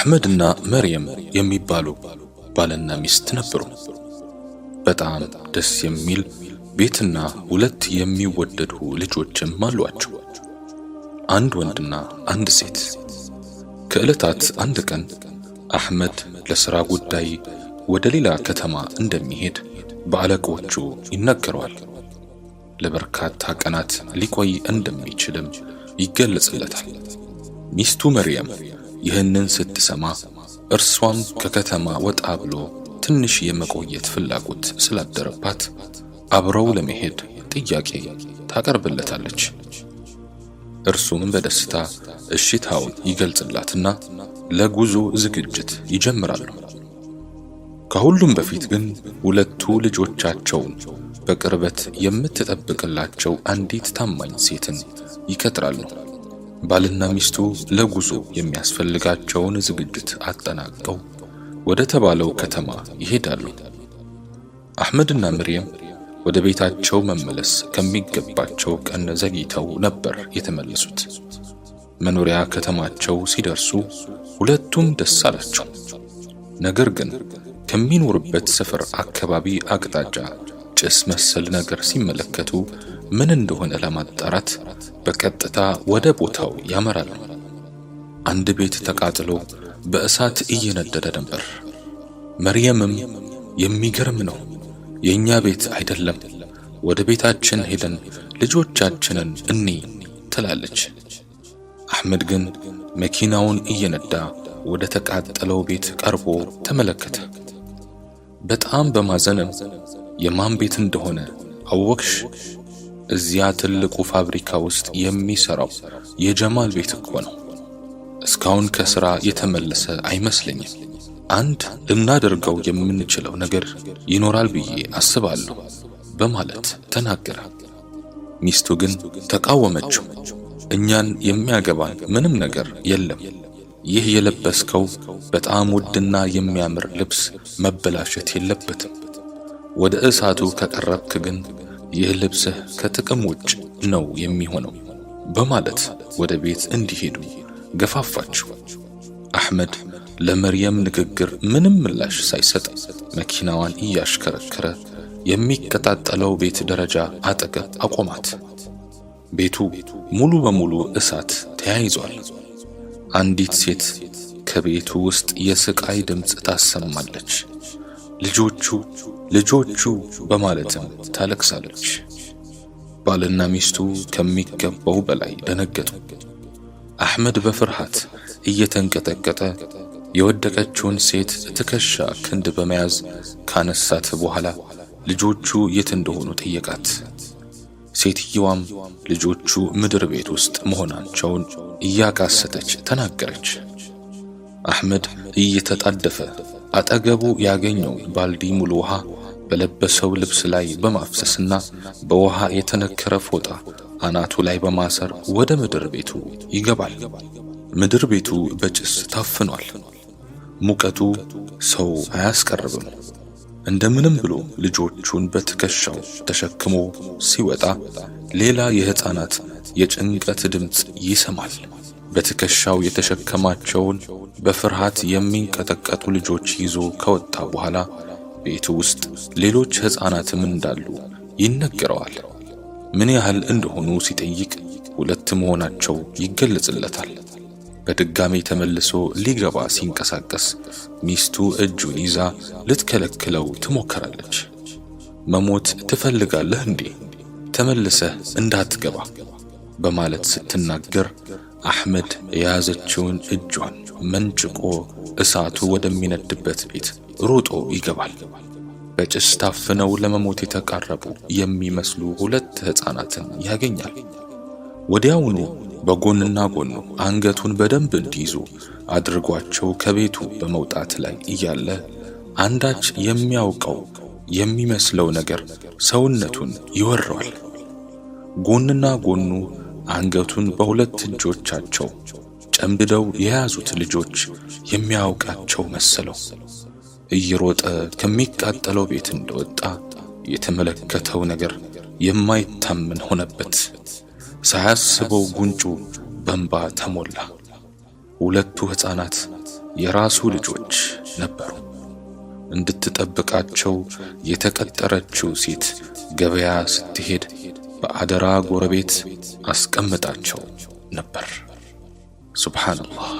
አሕመድ እና መርየም የሚባሉ ባልና ሚስት ነበሩ። በጣም ደስ የሚል ቤትና ሁለት የሚወደዱ ልጆችም አሏቸው፣ አንድ ወንድና አንድ ሴት። ከዕለታት አንድ ቀን አሕመድ ለሥራ ጉዳይ ወደ ሌላ ከተማ እንደሚሄድ በአለቆቹ ይነገረዋል። ለበርካታ ቀናት ሊቆይ እንደሚችልም ይገለጽለታል። ሚስቱ መርየም ይህንን ስትሰማ እርሷም ከከተማ ወጣ ብሎ ትንሽ የመቆየት ፍላጎት ስላደረባት አብረው ለመሄድ ጥያቄ ታቀርብለታለች። እርሱም በደስታ እሽታውን ይገልጽላትና ለጉዞ ዝግጅት ይጀምራሉ። ከሁሉም በፊት ግን ሁለቱ ልጆቻቸውን በቅርበት የምትጠብቅላቸው አንዲት ታማኝ ሴትን ይቀጥራሉ። ባልና ሚስቱ ለጉዞ የሚያስፈልጋቸውን ዝግጅት አጠናቀው ወደ ተባለው ከተማ ይሄዳሉ። አህመድና ምርየም ወደ ቤታቸው መመለስ ከሚገባቸው ቀን ዘግይተው ነበር የተመለሱት። መኖሪያ ከተማቸው ሲደርሱ ሁለቱም ደስ አላቸው። ነገር ግን ከሚኖርበት ሰፈር አካባቢ አቅጣጫ ጭስ መሰል ነገር ሲመለከቱ ምን እንደሆነ ለማጣራት በቀጥታ ወደ ቦታው ያመራሉ። አንድ ቤት ተቃጥሎ በእሳት እየነደደ ነበር። መርየምም የሚገርም ነው፣ የኛ ቤት አይደለም፣ ወደ ቤታችን ሄደን ልጆቻችንን እኒ ትላለች። አህመድ ግን መኪናውን እየነዳ ወደ ተቃጠለው ቤት ቀርቦ ተመለከተ። በጣም በማዘንም የማን ቤት እንደሆነ አወቅሽ? እዚያ ትልቁ ፋብሪካ ውስጥ የሚሰራው የጀማል ቤት እኮ ነው። እስካሁን ከስራ የተመለሰ አይመስለኝም። አንድ ልናደርገው የምንችለው ነገር ይኖራል ብዬ አስባለሁ በማለት ተናገረ። ሚስቱ ግን ተቃወመችው። እኛን የሚያገባን ምንም ነገር የለም። ይህ የለበስከው በጣም ውድና የሚያምር ልብስ መበላሸት የለበትም። ወደ እሳቱ ከቀረብክ ግን ይህ ልብስህ ከጥቅም ውጭ ነው የሚሆነው በማለት ወደ ቤት እንዲሄዱ ገፋፋችው። አሕመድ ለመርየም ንግግር ምንም ምላሽ ሳይሰጥ መኪናዋን እያሽከረከረ የሚቀጣጠለው ቤት ደረጃ አጠገብ አቆማት። ቤቱ ሙሉ በሙሉ እሳት ተያይዟል። አንዲት ሴት ከቤቱ ውስጥ የስቃይ ድምፅ ታሰማለች። ልጆቹ ልጆቹ በማለትም ታለቅሳለች። ባልና ሚስቱ ከሚገባው በላይ ደነገጡ። አሕመድ በፍርሃት እየተንቀጠቀጠ የወደቀችውን ሴት ትከሻ ክንድ በመያዝ ካነሳት በኋላ ልጆቹ የት እንደሆኑ ጠየቃት። ሴትየዋም ልጆቹ ምድር ቤት ውስጥ መሆናቸውን እያቃሰተች ተናገረች። አሕመድ እየተጣደፈ አጠገቡ ያገኘው ባልዲ ሙሉ ውሃ በለበሰው ልብስ ላይ በማፍሰስና በውሃ የተነከረ ፎጣ አናቱ ላይ በማሰር ወደ ምድር ቤቱ ይገባል። ምድር ቤቱ በጭስ ታፍኗል። ሙቀቱ ሰው አያስቀርብም። እንደምንም ብሎ ልጆቹን በትከሻው ተሸክሞ ሲወጣ ሌላ የሕፃናት የጭንቀት ድምፅ ይሰማል። በትከሻው የተሸከማቸውን በፍርሃት የሚንቀጠቀጡ ልጆች ይዞ ከወጣ በኋላ ቤቱ ውስጥ ሌሎች ሕፃናትም እንዳሉ ይነገረዋል። ምን ያህል እንደሆኑ ሲጠይቅ ሁለት መሆናቸው ይገለጽለታል። በድጋሚ ተመልሶ ሊገባ ሲንቀሳቀስ ሚስቱ እጁን ይዛ ልትከለክለው ትሞከራለች። መሞት ትፈልጋለህ እንዴ? ተመልሰህ እንዳትገባ በማለት ስትናገር አሕመድ የያዘችውን እጇን መንጭቆ እሳቱ ወደሚነድበት ቤት ሮጦ ይገባል። በጭስ ታፍነው ለመሞት የተቃረቡ የሚመስሉ ሁለት ሕፃናትን ያገኛል። ወዲያውኑ በጎንና ጎኑ አንገቱን በደንብ እንዲይዙ አድርጓቸው ከቤቱ በመውጣት ላይ እያለ አንዳች የሚያውቀው የሚመስለው ነገር ሰውነቱን ይወረዋል። ጎንና ጎኑ አንገቱን በሁለት እጆቻቸው ጨምድደው የያዙት ልጆች የሚያውቃቸው መሰለው። እየሮጠ ከሚቃጠለው ቤት እንደወጣ የተመለከተው ነገር የማይታመን ሆነበት። ሳያስበው ጉንጩ በእንባ ተሞላ። ሁለቱ ሕፃናት የራሱ ልጆች ነበሩ። እንድትጠብቃቸው የተቀጠረችው ሴት ገበያ ስትሄድ በአደራ ጎረቤት አስቀምጣቸው ነበር። ሱብሓነላህ